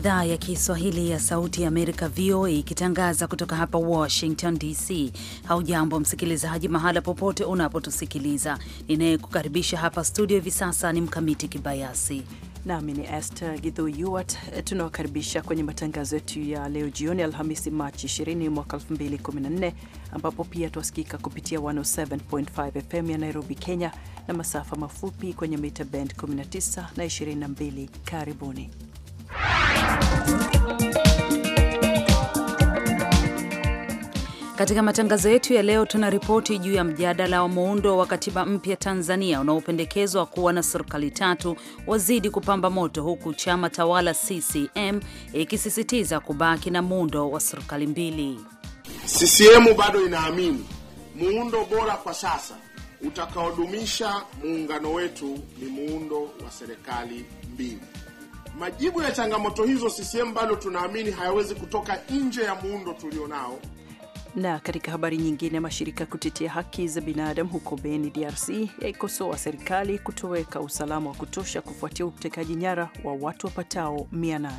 idhaa ya Kiswahili ya Sauti ya Amerika, VOA, ikitangaza kutoka hapa Washington DC. Haujambo msikilizaji, mahala popote unapotusikiliza. Ninayekukaribisha hapa studio hivi sasa ni Mkamiti Kibayasi nami ni Esther Githu Yuwat. Eh, tunawakaribisha kwenye matangazo yetu ya leo jioni, Alhamisi Machi 20 mwaka 2014, ambapo pia twasikika kupitia 107.5 FM ya Nairobi, Kenya, na masafa mafupi kwenye mita band 19 na 22. Karibuni. Katika matangazo yetu ya leo tuna ripoti juu ya mjadala wa muundo wa katiba mpya Tanzania unaopendekezwa kuwa na serikali tatu wazidi kupamba moto, huku chama tawala CCM ikisisitiza kubaki na muundo wa serikali mbili. CCM bado inaamini muundo bora kwa sasa utakaodumisha muungano wetu ni muundo wa serikali mbili. Majibu ya changamoto hizo CCM bado tunaamini hayawezi kutoka nje ya muundo tulionao. Na katika habari nyingine, mashirika ya kutetea haki za binadamu huko Beni, DRC yaikosoa serikali kutoweka usalama wa kutosha kufuatia utekaji nyara wa watu wapatao 800.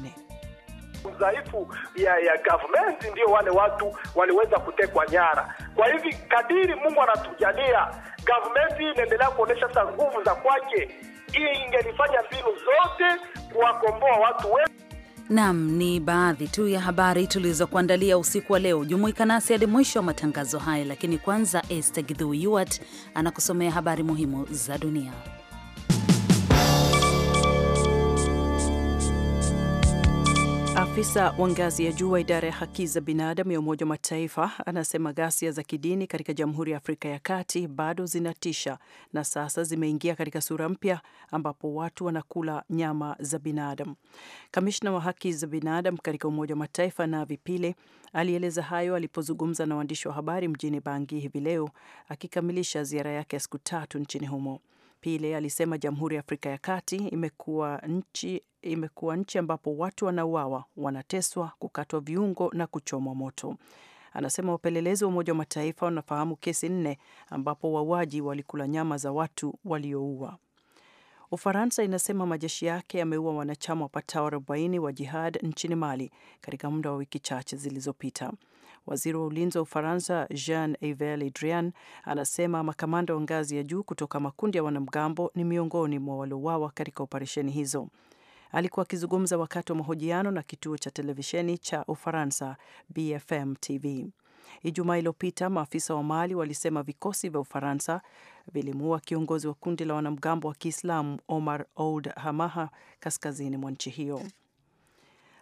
Udhaifu ya, ya government ndio wale watu waliweza kutekwa nyara. Kwa hivi kadiri Mungu anatujalia, government hii inaendelea kuonyesha sasa nguvu za kwake hii ingelifanya mbinu zote kuwakomboa watu wengi. Nam ni baadhi tu ya habari tulizokuandalia usiku wa leo. Jumuika nasi hadi mwisho wa matangazo haya, lakini kwanza Esther Gidhu Yuat anakusomea habari muhimu za dunia. Afisa wa ngazi ya juu wa idara ya haki za binadamu ya Umoja wa Mataifa anasema ghasia za kidini katika Jamhuri ya Afrika ya Kati bado zinatisha na sasa zimeingia katika sura mpya ambapo watu wanakula nyama za binadamu. Kamishna wa haki za binadamu katika Umoja wa Mataifa Navi vipile alieleza hayo alipozungumza na waandishi wa habari mjini Bangi hivi leo akikamilisha ziara yake ya siku tatu nchini humo. Pile alisema Jamhuri ya Afrika ya Kati imekuwa nchi imekuwa nchi ambapo watu wanauawa, wanateswa, kukatwa viungo na kuchomwa moto. Anasema wapelelezi wa Umoja wa Mataifa wanafahamu kesi nne ambapo wauaji walikula nyama za watu walioua. Ufaransa inasema majeshi yake yameua wanachama wapatao 40 wa jihad nchini Mali katika muda wa wiki chache zilizopita. Waziri wa ulinzi wa Ufaransa Jean Yves Le Drian anasema makamanda wa ngazi ya juu kutoka makundi ya wanamgambo ni miongoni mwa waliouawa katika operesheni hizo. Alikuwa akizungumza wakati wa mahojiano na kituo cha televisheni cha Ufaransa BFM TV. Ijumaa iliyopita maafisa wa Mali walisema vikosi vya Ufaransa vilimuua kiongozi wa kundi la wanamgambo wa Kiislamu Omar Ould Hamaha kaskazini mwa nchi hiyo.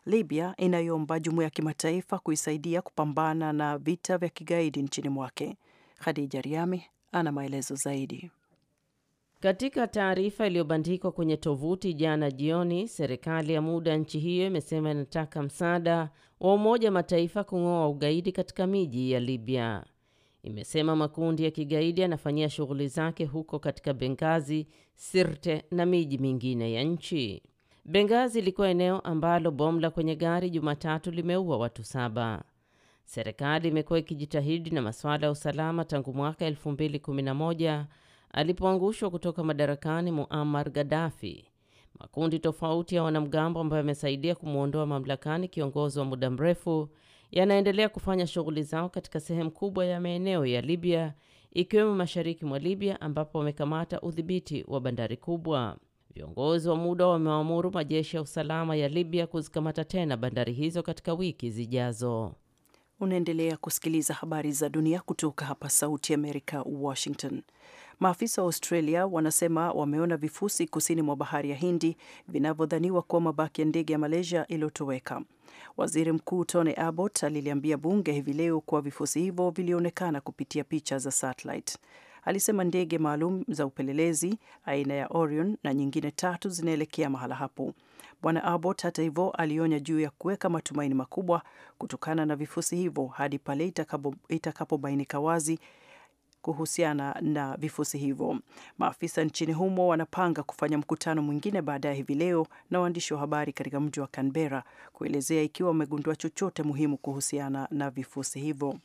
Libya inayoomba jumuiya ya kimataifa kuisaidia kupambana na vita vya kigaidi nchini mwake. Khadija Riami ana maelezo zaidi. Katika taarifa iliyobandikwa kwenye tovuti jana jioni, serikali ya muda nchi hiyo imesema inataka msaada wa Umoja Mataifa kung'oa ugaidi katika miji ya Libya. Imesema makundi ya kigaidi yanafanyia shughuli zake huko katika Bengazi, Sirte na miji mingine ya nchi. Bengazi ilikuwa eneo ambalo bomu la kwenye gari Jumatatu limeua watu saba. Serikali imekuwa ikijitahidi na masuala ya usalama tangu mwaka 2011 alipoangushwa kutoka madarakani Muammar Gaddafi, makundi tofauti ya wanamgambo ambayo yamesaidia kumwondoa mamlakani kiongozi wa muda mrefu yanaendelea kufanya shughuli zao katika sehemu kubwa ya maeneo ya Libya ikiwemo mashariki mwa Libya ambapo wamekamata udhibiti wa bandari kubwa. Viongozi wa muda wamewaamuru majeshi ya usalama ya Libya kuzikamata tena bandari hizo katika wiki zijazo. Unaendelea kusikiliza habari za dunia kutoka hapa Sauti ya Amerika, Washington. Maafisa wa Australia wanasema wameona vifusi kusini mwa bahari ya Hindi vinavyodhaniwa kuwa mabaki ya ndege ya Malaysia iliyotoweka. Waziri Mkuu Tony Abbott aliliambia bunge hivi leo kuwa vifusi hivyo vilionekana kupitia picha za satellite. Alisema ndege maalum za upelelezi aina ya Orion na nyingine tatu zinaelekea mahala hapo. Bwana Abbott hata hivyo alionya juu ya kuweka matumaini makubwa kutokana na vifusi hivyo hadi pale itakapobainika wazi kuhusiana na vifusi hivyo. Maafisa nchini humo wanapanga kufanya mkutano mwingine baadaye hivi leo na waandishi wa habari katika mji wa Canberra kuelezea ikiwa wamegundua chochote muhimu kuhusiana na vifusi hivyo.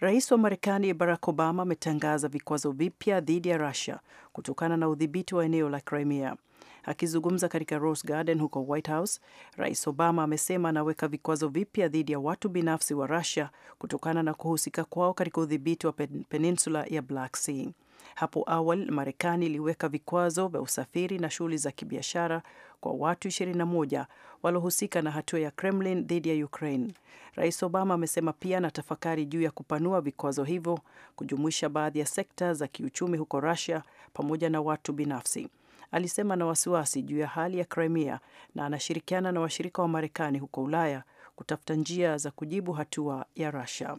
Rais wa Marekani Barack Obama ametangaza vikwazo vipya dhidi ya Russia kutokana na udhibiti wa eneo la Crimea. Akizungumza katika Rose Garden huko White House, Rais Obama amesema anaweka vikwazo vipya dhidi ya watu binafsi wa Russia kutokana na kuhusika kwao katika udhibiti wa pen peninsula ya Black Sea. Hapo awali Marekani iliweka vikwazo vya usafiri na shughuli za kibiashara kwa watu 21 walohusika na hatua ya Kremlin dhidi ya Ukraine. Rais Obama amesema pia anatafakari juu ya kupanua vikwazo hivyo kujumuisha baadhi ya sekta za kiuchumi huko Russia pamoja na watu binafsi alisema na wasiwasi juu ya hali ya Crimea na anashirikiana na washirika wa Marekani huko Ulaya kutafuta njia za kujibu hatua ya Russia.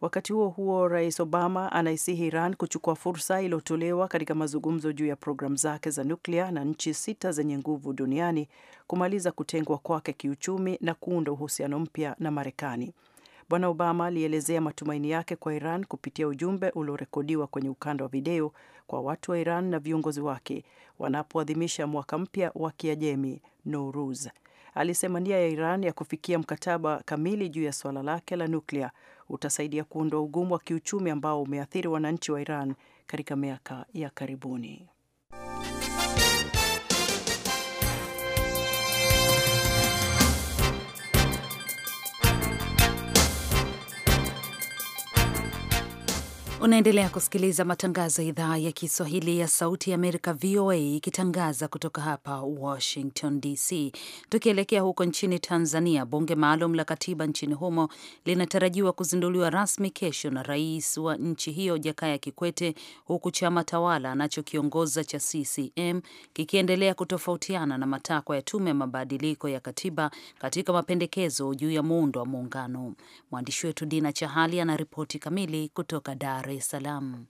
Wakati huo huo, Rais Obama anaisihi Iran kuchukua fursa iliyotolewa katika mazungumzo juu ya programu zake za nuklia na nchi sita zenye nguvu duniani kumaliza kutengwa kwake kiuchumi na kuunda uhusiano mpya na Marekani. Bwana Obama alielezea matumaini yake kwa Iran kupitia ujumbe uliorekodiwa kwenye ukanda wa video kwa watu wa Iran na viongozi wake wanapoadhimisha mwaka mpya wa Kiajemi, Nowruz. Alisema nia ya Iran ya kufikia mkataba kamili juu ya suala lake la nuklia utasaidia kuondoa ugumu wa kiuchumi ambao umeathiri wananchi wa Iran katika miaka ya karibuni. Unaendelea kusikiliza matangazo ya idhaa ya Kiswahili ya Sauti ya Amerika, VOA, ikitangaza kutoka hapa Washington DC. Tukielekea huko nchini Tanzania, bunge maalum la katiba nchini humo linatarajiwa kuzinduliwa rasmi kesho na rais wa nchi hiyo Jakaya Kikwete, huku chama tawala anachokiongoza cha CCM kikiendelea kutofautiana na matakwa ya tume ya mabadiliko ya katiba katika mapendekezo juu ya muundo wa muungano. Mwandishi wetu Dina Chahali anaripoti kamili kutoka Dar es Salaam.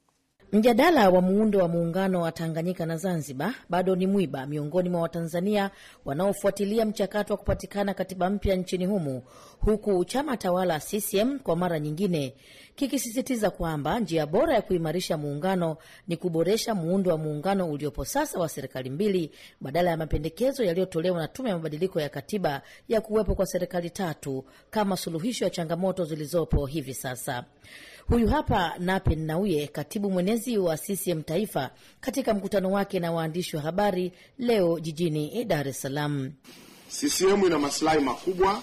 Mjadala wa muundo wa muungano wa Tanganyika na Zanzibar bado ni mwiba miongoni mwa Watanzania wanaofuatilia mchakato wa kupatikana katiba mpya nchini humo, huku chama tawala CCM kwa mara nyingine kikisisitiza kwamba njia bora ya kuimarisha muungano ni kuboresha muundo wa muungano uliopo sasa wa serikali mbili, badala ya mapendekezo yaliyotolewa na Tume ya Mabadiliko ya Katiba ya kuwepo kwa serikali tatu kama suluhisho ya changamoto zilizopo hivi sasa. Huyu hapa Nape Nnauye, katibu mwenezi wa CCM Taifa, katika mkutano wake na waandishi wa habari leo jijini Dar es Salaam. CCM ina masilahi makubwa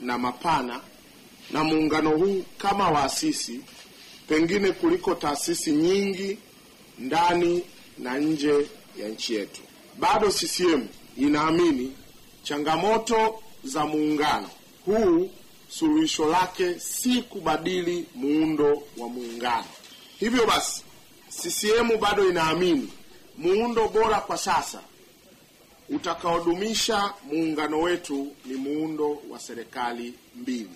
na mapana na muungano huu kama waasisi, pengine kuliko taasisi nyingi ndani na nje ya nchi yetu. Bado CCM inaamini changamoto za muungano huu suluhisho lake si kubadili muundo wa muungano. Hivyo basi, CCM bado inaamini muundo bora kwa sasa utakaodumisha muungano wetu ni muundo wa serikali mbili.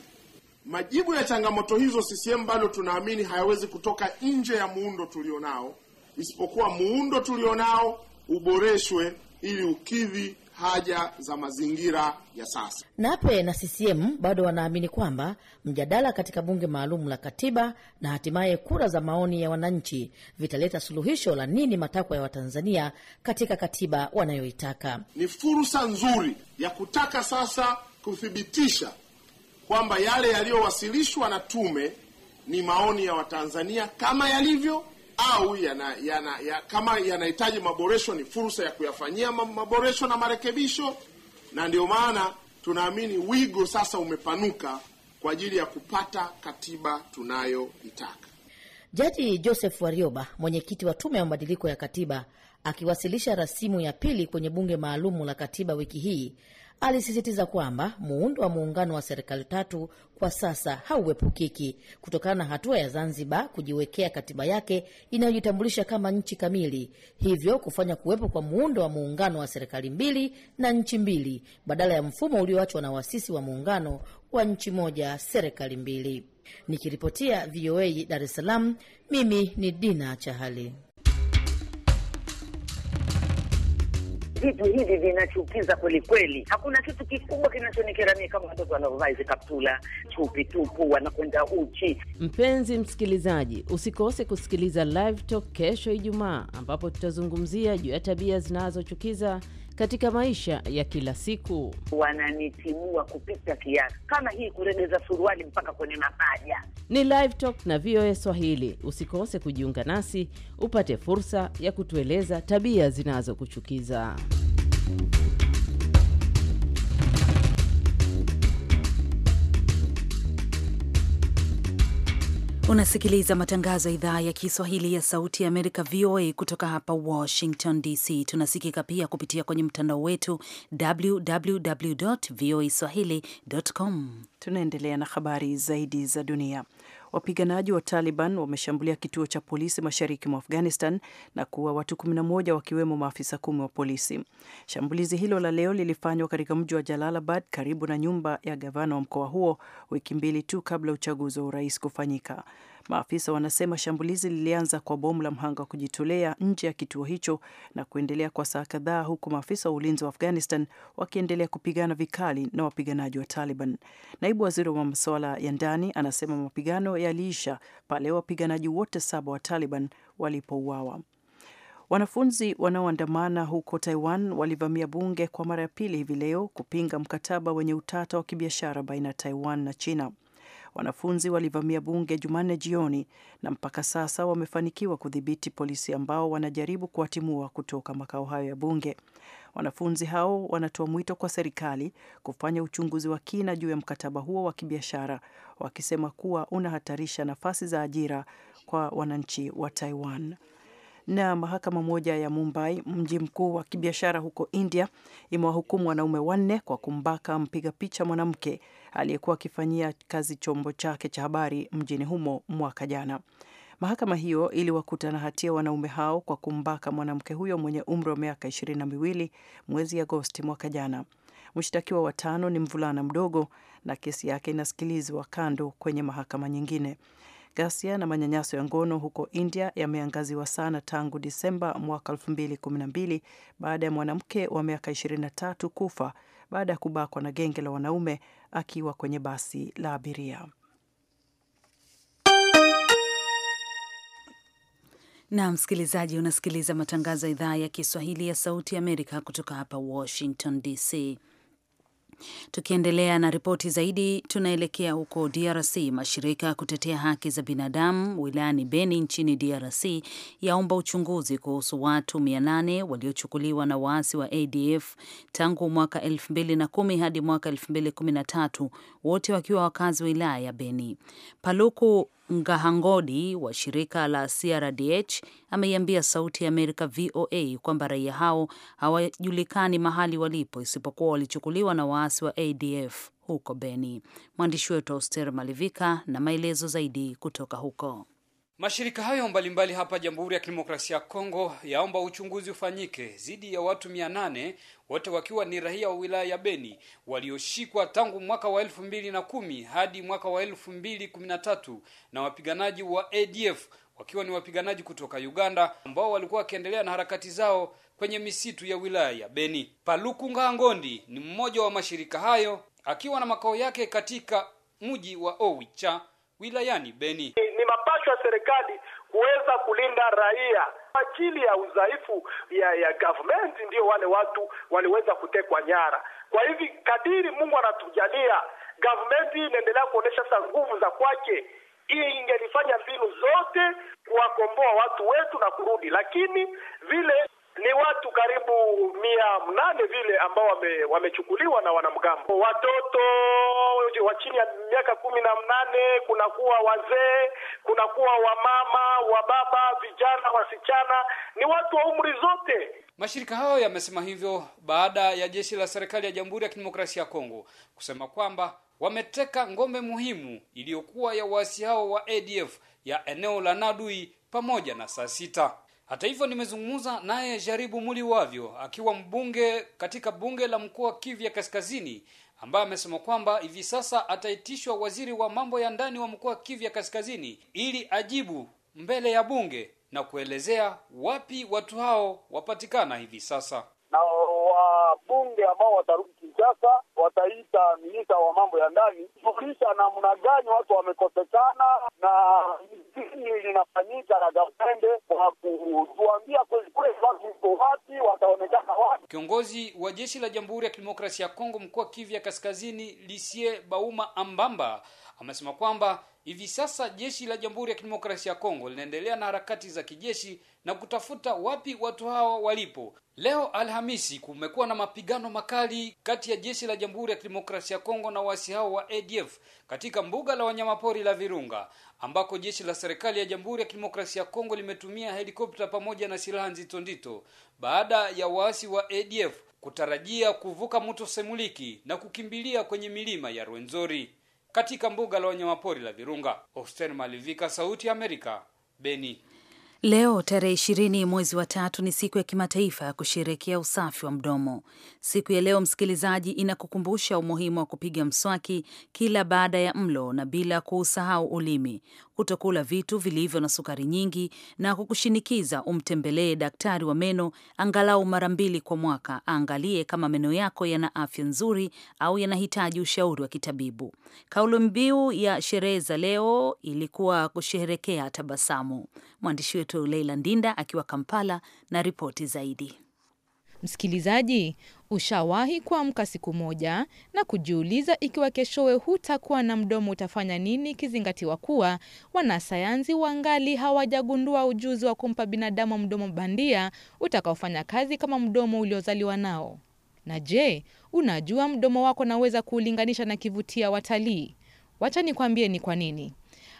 Majibu ya changamoto hizo CCM bado tunaamini hayawezi kutoka nje ya muundo tulionao, isipokuwa muundo tulionao uboreshwe ili ukidhi haja za mazingira ya sasa. Nape na CCM bado wanaamini kwamba mjadala katika bunge maalum la katiba na hatimaye kura za maoni ya wananchi vitaleta suluhisho la nini matakwa ya Watanzania katika katiba wanayoitaka. Ni fursa nzuri ya kutaka sasa kuthibitisha kwamba yale yaliyowasilishwa na tume ni maoni ya Watanzania kama yalivyo au yana, yana, ya, kama yanahitaji maboresho ni fursa ya kuyafanyia maboresho na marekebisho, na ndio maana tunaamini wigo sasa umepanuka kwa ajili ya kupata katiba tunayoitaka. Jaji Joseph Warioba, mwenyekiti wa Tume ya Mabadiliko ya Katiba, akiwasilisha rasimu ya pili kwenye Bunge Maalumu la Katiba wiki hii Alisisitiza kwamba muundo wa muungano wa serikali tatu kwa sasa hauepukiki kutokana na hatua ya Zanzibar kujiwekea katiba yake inayojitambulisha kama nchi kamili, hivyo kufanya kuwepo kwa muundo wa muungano wa serikali mbili na nchi mbili badala ya mfumo ulioachwa na wasisi wa muungano wa nchi moja serikali mbili. Nikiripotia VOA Dar es Salaam, mimi ni Dina Chahali. vitu hivi vinachukiza kweli kweli. Hakuna kitu kikubwa kinachonikeramia kama watoto wanaovaa hizi kaptula chupi tupu, wanakwenda uchi. Mpenzi msikilizaji, usikose kusikiliza Live Talk kesho Ijumaa, ambapo tutazungumzia juu ya tabia zinazochukiza katika maisha ya kila siku. Wananitimua kupita kiasi, kama hii kuregeza suruali mpaka kwenye mapaja. Ni Live Talk na VOA Swahili. Usikose kujiunga nasi upate fursa ya kutueleza tabia zinazokuchukiza. Unasikiliza matangazo ya idhaa ya Kiswahili ya Sauti ya Amerika, VOA, kutoka hapa Washington DC. Tunasikika pia kupitia kwenye mtandao wetu www voa swahili.com. Tunaendelea na habari zaidi za dunia. Wapiganaji wa Taliban wameshambulia kituo cha polisi mashariki mwa Afghanistan na kuua watu 11 wakiwemo maafisa kumi wa polisi. Shambulizi hilo la leo lilifanywa katika mji wa Jalalabad karibu na nyumba ya gavana wa mkoa huo, wiki mbili tu kabla uchaguzi wa urais kufanyika. Maafisa wanasema shambulizi lilianza kwa bomu la mhanga wa kujitolea nje ya kituo hicho na kuendelea kwa saa kadhaa, huku maafisa wa ulinzi wa Afghanistan wakiendelea kupigana vikali na wapiganaji wa Taliban. Naibu waziri wa masuala ya ndani anasema mapigano yaliisha pale wapiganaji wote saba wa Taliban walipouawa. Wanafunzi wanaoandamana huko Taiwan walivamia bunge kwa mara ya pili hivi leo kupinga mkataba wenye utata wa kibiashara baina ya Taiwan na China. Wanafunzi walivamia bunge Jumanne jioni na mpaka sasa wamefanikiwa kudhibiti polisi ambao wanajaribu kuwatimua kutoka makao hayo ya bunge. Wanafunzi hao wanatoa mwito kwa serikali kufanya uchunguzi wa kina juu ya mkataba huo wa kibiashara, wakisema kuwa unahatarisha nafasi za ajira kwa wananchi wa Taiwan na mahakama moja ya Mumbai, mji mkuu wa kibiashara huko India, imewahukumu wanaume wanne kwa kumbaka mpiga picha mwanamke aliyekuwa akifanyia kazi chombo chake cha habari mjini humo mwaka jana. Mahakama hiyo iliwakuta na hatia wanaume hao kwa kumbaka mwanamke huyo mwenye umri wa miaka ishirini na miwili mwezi Agosti mwaka jana. Mshtakiwa watano ni mvulana mdogo na kesi yake inasikilizwa kando kwenye mahakama nyingine. Ghasia na manyanyaso ya ngono huko India yameangaziwa sana tangu Disemba mwaka 2012 baada ya mwanamke wa miaka 23 kufa baada ya kubakwa na genge la wanaume akiwa kwenye basi la abiria. na msikilizaji, unasikiliza matangazo ya idhaa ya Kiswahili ya Sauti ya Amerika kutoka hapa Washington DC. Tukiendelea na ripoti zaidi, tunaelekea huko DRC. Mashirika ya kutetea haki za binadamu wilayani Beni nchini DRC yaomba uchunguzi kuhusu watu 800 waliochukuliwa na waasi wa ADF tangu mwaka 2010 hadi mwaka 2013, wote wakiwa wakazi wa wilaya ya Beni. Paluku Ngahangodi wa shirika la CRDH ameiambia Sauti ya Amerika VOA kwamba raia hao hawajulikani mahali walipo isipokuwa walichukuliwa na waasi wa ADF huko Beni. Mwandishi wetu Auster Malivika na maelezo zaidi kutoka huko. Mashirika hayo mbalimbali mbali hapa Jamhuri ya Kidemokrasia ya Kongo yaomba uchunguzi ufanyike dhidi ya watu mia nane wote wakiwa ni raia wa wilaya ya Beni walioshikwa tangu mwaka wa elfu mbili na kumi hadi mwaka wa elfu mbili kumi na tatu na wapiganaji wa ADF wakiwa ni wapiganaji kutoka Uganda ambao walikuwa wakiendelea na harakati zao kwenye misitu ya wilaya ya Beni. Paluku Ngangondi ni mmoja wa mashirika hayo akiwa na makao yake katika mji wa Owicha wilayani Beni. Ni mapasho serikali kuweza kulinda raia akili ya udhaifu ya, ya government ndio wale watu waliweza kutekwa nyara. Kwa hivi kadiri Mungu anatujalia government hii inaendelea kuonesha sasa nguvu za kwake, hii ingelifanya mbinu zote kuwakomboa watu wetu na kurudi, lakini vile ni watu karibu mia mnane vile ambao wamechukuliwa na wanamgambo, watoto wa chini ya miaka kumi na mnane, kunakuwa wazee, kunakuwa wamama, wababa, vijana, wasichana, ni watu wa umri zote. Mashirika hayo yamesema hivyo baada ya jeshi la serikali ya Jamhuri ya Kidemokrasia ya Kongo kusema kwamba wameteka ngome muhimu iliyokuwa ya waasi hao wa ADF ya eneo la Nadui pamoja na saa sita hata hivyo nimezungumza naye Jaribu muli wavyo akiwa mbunge katika bunge la mkoa Kivya Kaskazini ambaye amesema kwamba hivi sasa ataitishwa waziri wa mambo ya ndani wa mkoa Kivya Kaskazini ili ajibu mbele ya bunge na kuelezea wapi watu hao wapatikana hivi sasa na wabunge ambao watarudi Kinshasa, wataita minista wa mambo ya ndani kuulisha namna gani watu wamekosekana na nini linafanyika na gavende kwa kutuambia kweli kweli watu iko wapi, wataonekana wapi. Kiongozi wa jeshi la Jamhuri ya Kidemokrasia ya Kongo mkoa Kivu ya Kaskazini, Lisie Bauma Ambamba amesema kwamba Hivi sasa jeshi la Jamhuri ya Kidemokrasia ya Kongo linaendelea na harakati za kijeshi na kutafuta wapi watu hawa walipo. Leo Alhamisi kumekuwa na mapigano makali kati ya jeshi la Jamhuri ya Kidemokrasia ya Kongo na waasi hao wa ADF katika mbuga la wanyamapori la Virunga ambako jeshi la serikali ya Jamhuri ya Kidemokrasia ya Kongo limetumia helikopta pamoja na silaha nzito nzito baada ya waasi wa ADF kutarajia kuvuka mto Semuliki na kukimbilia kwenye milima ya Rwenzori katika mbuga la wanyamapori la Virunga. Hosten Malivika, Sauti ya Amerika, Beni. Leo tarehe ishirini mwezi wa tatu ni siku ya kimataifa ya kusherekea usafi wa mdomo. Siku ya leo, msikilizaji, inakukumbusha umuhimu wa kupiga mswaki kila baada ya mlo na bila kuusahau ulimi, kutokula vitu vilivyo na sukari nyingi na kukushinikiza umtembelee daktari wa meno angalau mara mbili kwa mwaka, aangalie kama meno yako yana afya nzuri au yanahitaji ushauri wa kitabibu. Kauli mbiu ya sherehe za leo ilikuwa kusheherekea tabasamu. Mwandishi wetu Leila Ndinda akiwa Kampala na ripoti zaidi. Msikilizaji, ushawahi kuamka siku moja na kujiuliza ikiwa keshowe hutakuwa na mdomo utafanya nini, ikizingatiwa kuwa wanasayansi wangali hawajagundua ujuzi wa kumpa binadamu mdomo bandia utakaofanya kazi kama mdomo uliozaliwa nao? Na je, unajua mdomo wako naweza kuulinganisha na kivutia watalii? Wacha nikwambie ni kwa nini.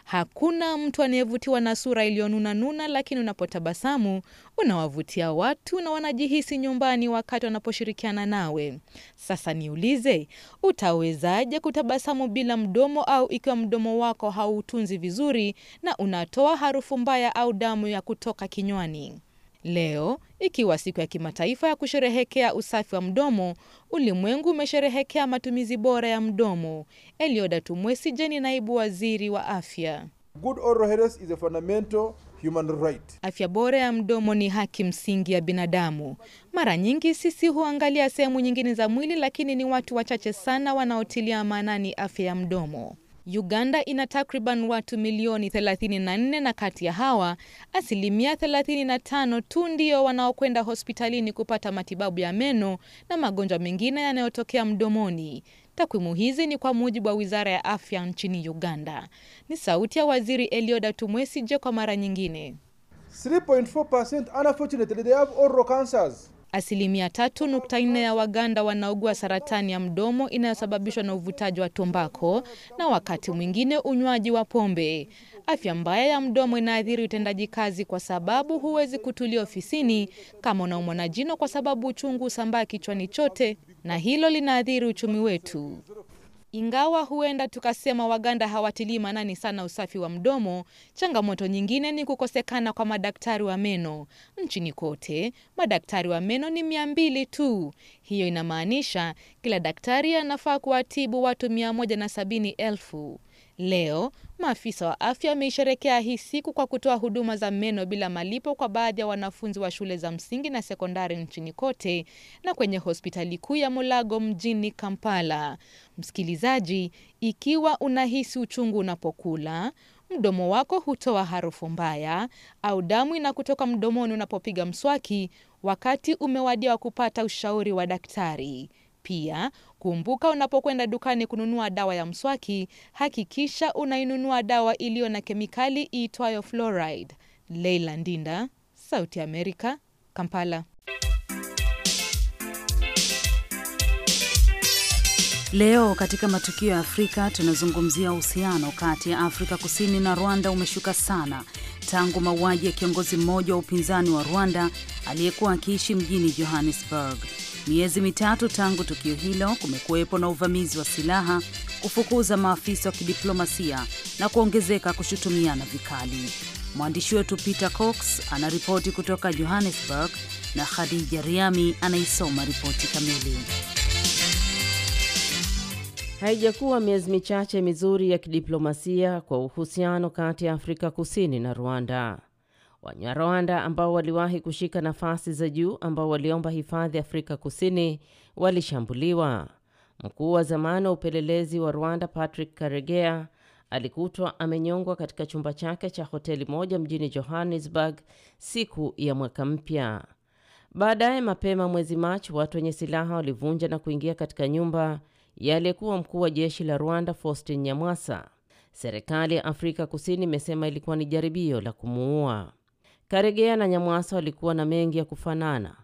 Hakuna mtu anayevutiwa na sura iliyonuna nuna, lakini unapotabasamu unawavutia watu na wanajihisi nyumbani wakati wanaposhirikiana nawe. Sasa niulize, utawezaje kutabasamu bila mdomo, au ikiwa mdomo wako hautunzi vizuri na unatoa harufu mbaya au damu ya kutoka kinywani? Leo ikiwa siku ya kimataifa ya kusherehekea usafi wa mdomo, ulimwengu umesherehekea matumizi bora ya mdomo. Elioda Tumwesi Jeni, naibu waziri wa afya. Good oral health is a fundamental human right. Afya bora ya mdomo ni haki msingi ya binadamu. Mara nyingi sisi huangalia sehemu nyingine za mwili, lakini ni watu wachache sana wanaotilia maanani afya ya mdomo. Uganda ina takriban watu milioni 34 na kati ya hawa asilimia 35 tu ndio wanaokwenda hospitalini kupata matibabu ya meno na magonjwa mengine yanayotokea mdomoni. Takwimu hizi ni kwa mujibu wa wizara ya afya nchini Uganda. Ni sauti ya waziri Elioda Tumwesije kwa mara nyingine. 3.4% unfortunately they have oral cancers. Asilimia 3.4 ya Waganda wanaugua saratani ya mdomo inayosababishwa na uvutaji wa tombako na wakati mwingine unywaji wa pombe. Afya mbaya ya mdomo inaathiri utendaji kazi, kwa sababu huwezi kutulia ofisini kama unaumwa na jino, kwa sababu uchungu husambaa kichwani chote, na hilo linaathiri uchumi wetu. Ingawa huenda tukasema Waganda hawatilii manani sana usafi wa mdomo, changamoto nyingine ni kukosekana kwa madaktari wa meno. Nchini kote madaktari wa meno ni mia mbili tu. Hiyo inamaanisha kila daktari anafaa kuwatibu watu mia moja na sabini elfu. Leo maafisa wa afya wameisherekea hii siku kwa kutoa huduma za meno bila malipo kwa baadhi ya wanafunzi wa shule za msingi na sekondari nchini kote na kwenye hospitali kuu ya Mulago mjini Kampala. Msikilizaji, ikiwa unahisi uchungu unapokula, mdomo wako hutoa harufu mbaya au damu inakutoka mdomoni unapopiga mswaki, wakati umewadia wa kupata ushauri wa daktari. Pia kumbuka, unapokwenda dukani kununua dawa ya mswaki, hakikisha unainunua dawa iliyo na kemikali iitwayo fluoride. Leila Ndinda, Sauti ya Amerika, Kampala. Leo katika matukio ya Afrika tunazungumzia uhusiano kati ya Afrika Kusini na Rwanda umeshuka sana tangu mauaji ya kiongozi mmoja wa upinzani wa Rwanda aliyekuwa akiishi mjini Johannesburg. Miezi mitatu tangu tukio hilo, kumekuwepo na uvamizi wa silaha, kufukuza maafisa wa kidiplomasia na kuongezeka kushutumiana vikali. Mwandishi wetu Peter Cox anaripoti kutoka Johannesburg na Khadija Riami anaisoma ripoti kamili. Haijakuwa miezi michache mizuri ya kidiplomasia kwa uhusiano kati ya Afrika Kusini na Rwanda. Wanyarwanda ambao waliwahi kushika nafasi za juu ambao waliomba hifadhi Afrika Kusini walishambuliwa. Mkuu wa zamani wa upelelezi wa Rwanda Patrick Karegeya alikutwa amenyongwa katika chumba chake cha hoteli moja mjini Johannesburg siku ya mwaka mpya. Baadaye mapema mwezi Machi, watu wenye silaha walivunja na kuingia katika nyumba ya aliyekuwa mkuu wa jeshi la Rwanda Faustin Nyamwasa. Serikali ya Afrika Kusini imesema ilikuwa ni jaribio la kumuua. Karegeya na Nyamwasa walikuwa na mengi ya kufanana.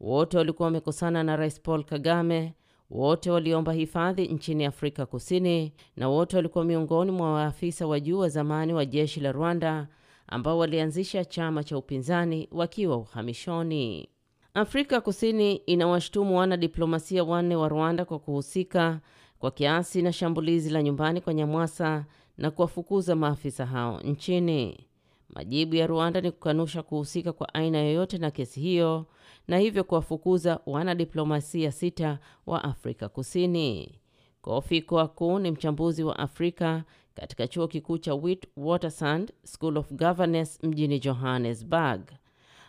Wote walikuwa wamekosana na Rais Paul Kagame, wote waliomba hifadhi nchini Afrika Kusini, na wote walikuwa miongoni mwa waafisa wa juu wa zamani wa jeshi la Rwanda ambao walianzisha chama cha upinzani wakiwa uhamishoni. Afrika Kusini inawashutumu wana diplomasia wanne wa Rwanda kwa kuhusika kwa kiasi na shambulizi la nyumbani kwa Nyamwasa na kuwafukuza maafisa hao nchini. Majibu ya Rwanda ni kukanusha kuhusika kwa aina yoyote na kesi hiyo na hivyo kuwafukuza wanadiplomasia sita wa Afrika Kusini. Kofi kuu ni mchambuzi wa Afrika katika chuo kikuu cha Witwatersrand School of Governance mjini Johannesburg.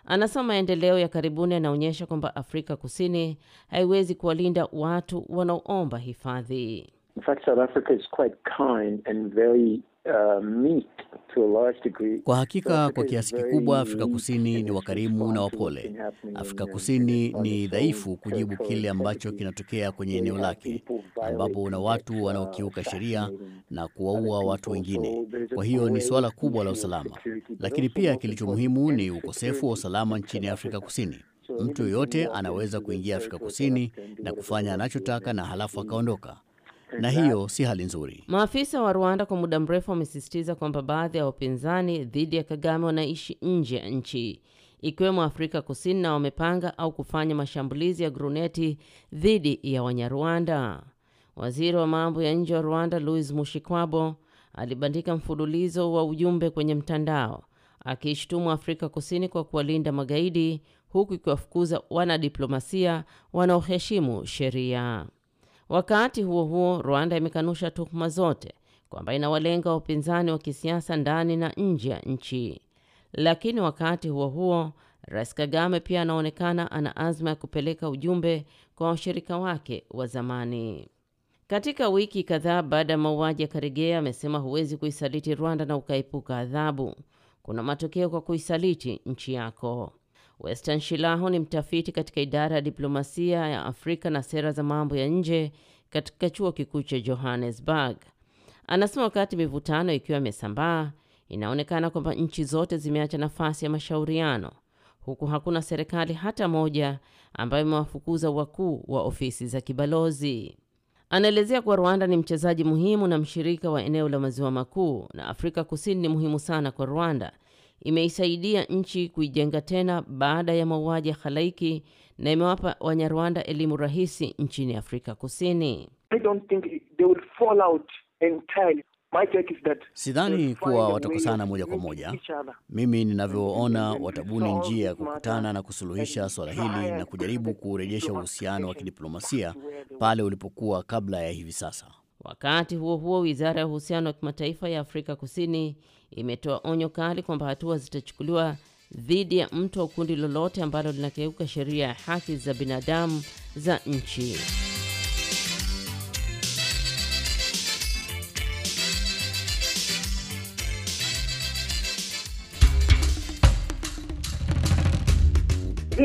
Anasema maendeleo ya karibuni yanaonyesha kwamba Afrika Kusini haiwezi kuwalinda watu wanaoomba hifadhi. In fact, South Africa is quite kind and very kwa hakika, kwa kiasi kikubwa Afrika Kusini ni wakarimu na wapole. Afrika Kusini ni dhaifu kujibu kile ambacho kinatokea kwenye eneo lake, ambapo una watu uh, wanaokiuka sheria na kuwaua watu wengine. Kwa hiyo ni suala kubwa la usalama, lakini pia kilicho muhimu ni ukosefu wa usalama nchini Afrika Kusini. Mtu yoyote anaweza kuingia Afrika Kusini na kufanya anachotaka na halafu akaondoka na hiyo si hali nzuri. Maafisa wa Rwanda kwa muda mrefu wamesisitiza kwamba baadhi ya wapinzani dhidi ya Kagame wanaishi nje ya nchi ikiwemo Afrika Kusini na wamepanga au kufanya mashambulizi ya gruneti dhidi ya Wanyarwanda. Waziri wa mambo ya nje wa Rwanda Louis Mushikwabo alibandika mfululizo wa ujumbe kwenye mtandao akiishtumu Afrika Kusini kwa kuwalinda magaidi huku ikiwafukuza wanadiplomasia wanaoheshimu sheria. Wakati huo huo, Rwanda imekanusha tuhuma zote kwamba inawalenga wapinzani wa kisiasa ndani na nje ya nchi. Lakini wakati huo huo, Rais Kagame pia anaonekana ana azma ya kupeleka ujumbe kwa washirika wake wa zamani. Katika wiki kadhaa baada ya mauaji ya Karegeya, amesema huwezi kuisaliti Rwanda na ukaepuka adhabu. Kuna matokeo kwa kuisaliti nchi yako. Western Shilaho ni mtafiti katika idara ya diplomasia ya Afrika na sera za mambo ya nje katika chuo kikuu cha Johannesburg. Anasema wakati mivutano ikiwa imesambaa, inaonekana kwamba nchi zote zimeacha nafasi ya mashauriano, huku hakuna serikali hata moja ambayo imewafukuza wakuu wa ofisi za kibalozi. Anaelezea kuwa Rwanda ni mchezaji muhimu na mshirika wa eneo la maziwa makuu na Afrika Kusini ni muhimu sana kwa Rwanda imeisaidia nchi kuijenga tena baada ya mauaji ya halaiki na imewapa Wanyarwanda elimu rahisi nchini Afrika Kusini. Sidhani kuwa watakosana moja kwa moja. Mimi ninavyoona, watabuni njia ya kukutana na kusuluhisha swala hili na kujaribu kurejesha uhusiano wa kidiplomasia pale ulipokuwa kabla ya hivi sasa. Wakati huo huo, wizara ya uhusiano wa kimataifa ya Afrika Kusini imetoa onyo kali kwamba hatua zitachukuliwa dhidi ya mtu wa kundi lolote ambalo linakeuka sheria ya haki za binadamu za nchi.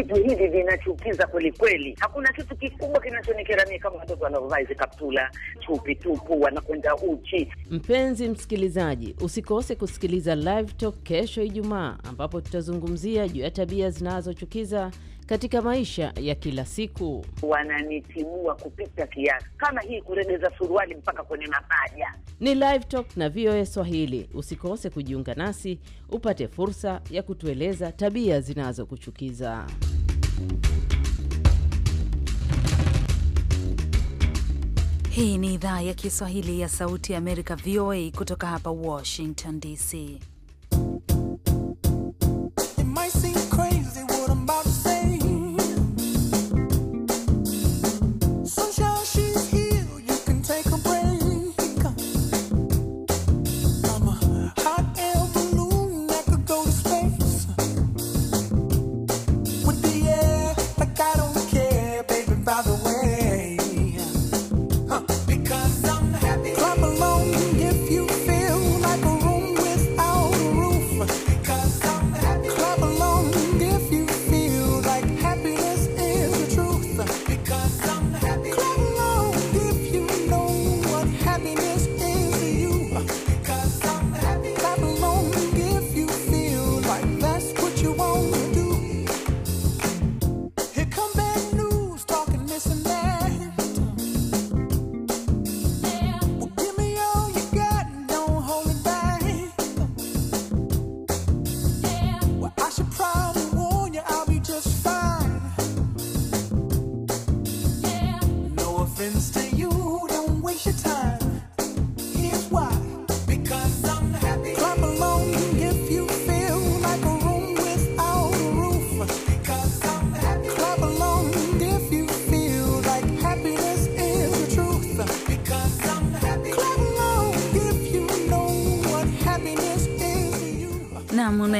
vitu hivi vinachukiza kweli kweli. Hakuna kitu kikubwa kinachonikera mimi kama watoto wanaovaa hizi kaptula chupi tupu, wanakwenda uchi. Mpenzi msikilizaji, usikose kusikiliza Live Talk kesho Ijumaa, ambapo tutazungumzia juu ya tabia zinazochukiza katika maisha ya kila siku. Wananitimua kupita kiasi, kama hii kuregeza suruali mpaka kwenye mapaja. Ni Live Talk na VOA Swahili. Usikose kujiunga nasi upate fursa ya kutueleza tabia zinazokuchukiza. Hii ni idhaa ya Kiswahili ya Sauti ya Amerika, VOA, kutoka hapa Washington DC.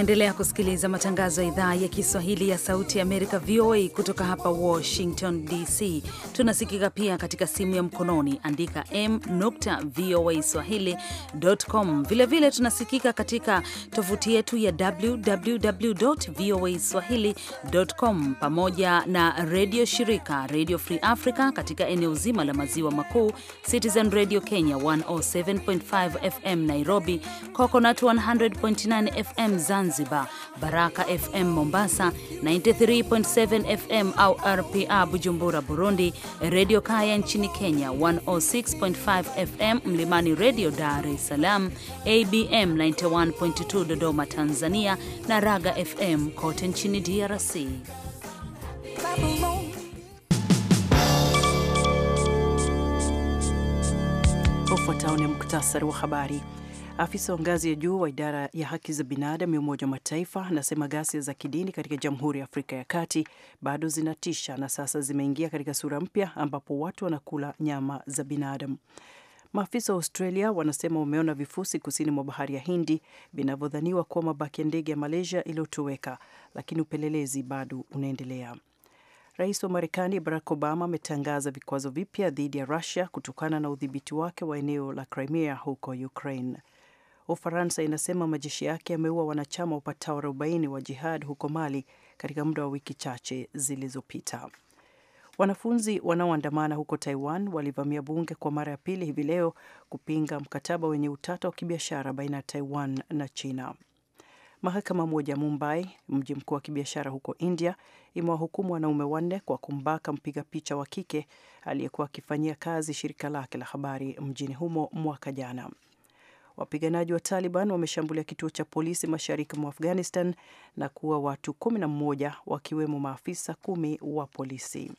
Unaendelea kusikiliza matangazo ya idhaa ya Kiswahili ya Sauti ya Amerika, VOA, kutoka hapa Washington DC. Tunasikika pia katika simu ya mkononi, andika m.voaswahili.com. Vilevile tunasikika katika tovuti yetu ya www.voaswahili.com, pamoja na redio shirika Radio Free Africa katika eneo zima la maziwa makuu, Citizen Radio Kenya 107.5 FM Nairobi, Coconut 100.9 FM Zanzibar, Baraka FM Mombasa 93.7 FM au RPA Bujumbura, Burundi, Redio Kaya nchini Kenya 106.5 FM, Mlimani Redio Dar es Salaam, ABM 91.2 Dodoma Tanzania, na Raga FM kote nchini DRC. Ufuatao ni muktasari wa habari. Afisa wa ngazi ya juu wa idara ya haki za binadamu ya Umoja wa Mataifa anasema ghasia za kidini katika Jamhuri ya Afrika ya Kati bado zinatisha na sasa zimeingia katika sura mpya ambapo watu wanakula nyama za binadamu. Maafisa wa Australia wanasema wameona vifusi kusini mwa bahari ya Hindi vinavyodhaniwa kuwa mabaki ya ndege ya Malaysia iliyotoweka, lakini upelelezi bado unaendelea. Rais wa Marekani Barack Obama ametangaza vikwazo vipya dhidi ya Rusia kutokana na udhibiti wake wa eneo la Crimea huko Ukraine. Ufaransa inasema majeshi yake yameua wanachama wapatao 40 wa jihad huko Mali katika muda wa wiki chache zilizopita. Wanafunzi wanaoandamana huko Taiwan walivamia bunge kwa mara ya pili hivi leo kupinga mkataba wenye utata wa kibiashara baina ya Taiwan na China. Mahakama moja Mumbai, mji mkuu wa kibiashara huko India, imewahukumu wanaume wanne kwa kumbaka mpiga picha wa kike aliyekuwa akifanyia kazi shirika lake la habari mjini humo mwaka jana. Wapiganaji wa Taliban wameshambulia kituo cha polisi mashariki mwa Afghanistan na kuua watu 11 wakiwemo maafisa kumi wa polisi.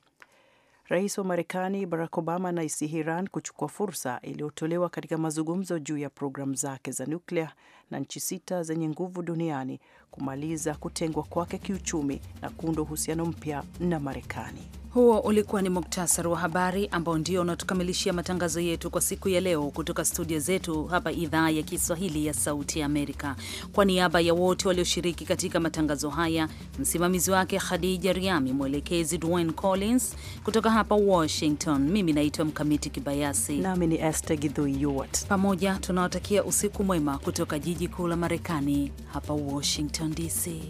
Rais wa Marekani Barack Obama anaisihi Iran kuchukua fursa iliyotolewa katika mazungumzo juu ya programu zake za nuklia na nchi sita zenye nguvu duniani kumaliza kutengwa kwake kiuchumi na kuunda uhusiano mpya na Marekani. Huo ulikuwa ni muktasari wa habari ambao ndio unatukamilishia matangazo yetu kwa siku ya leo kutoka studio zetu hapa idhaa ya Kiswahili ya Sauti ya Amerika. Kwa niaba ya wote walioshiriki katika matangazo haya, msimamizi wake Khadija Riami, mwelekezi Dwayne Collins. Kutoka hapa Washington, mimi naitwa Mkamiti Kibayasi nami ni Esther Gidhui Pamoja tunawatakia usiku mwema kutoka jiji jiji kuu la Marekani, hapa Washington DC.